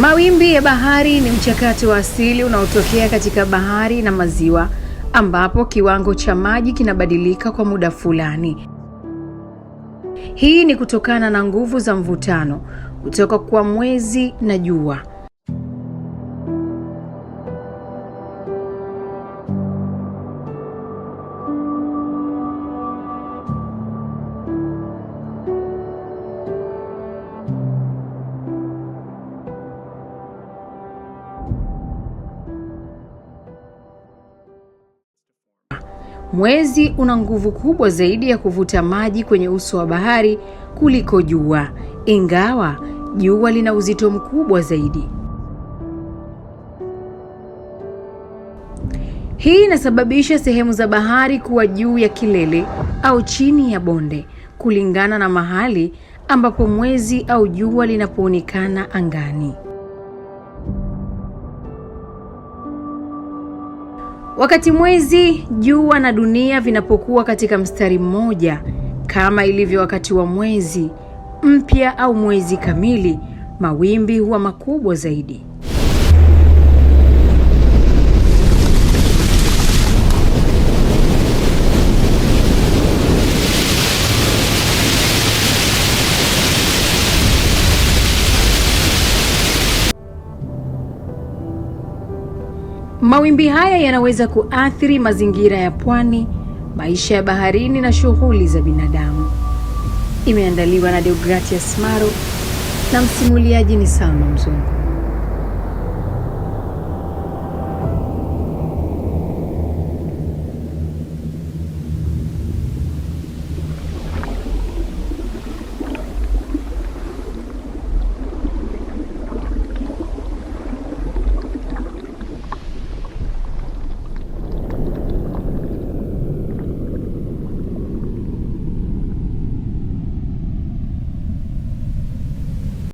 Mawimbi ya bahari ni mchakato wa asili unaotokea katika bahari na maziwa ambapo kiwango cha maji kinabadilika kwa muda fulani. Hii ni kutokana na nguvu za mvutano kutoka kwa mwezi na jua. Mwezi una nguvu kubwa zaidi ya kuvuta maji kwenye uso wa bahari kuliko jua, ingawa jua lina uzito mkubwa zaidi. Hii inasababisha sehemu za bahari kuwa juu ya kilele au chini ya bonde kulingana na mahali ambapo mwezi au jua linapoonekana angani. Wakati mwezi, jua na dunia vinapokuwa katika mstari mmoja, kama ilivyo wakati wa mwezi mpya au mwezi kamili, mawimbi huwa makubwa zaidi. Mawimbi haya yanaweza kuathiri mazingira ya pwani, maisha ya baharini na shughuli za binadamu. Imeandaliwa na Deogratias Maro na msimuliaji ni Salma Mzungu.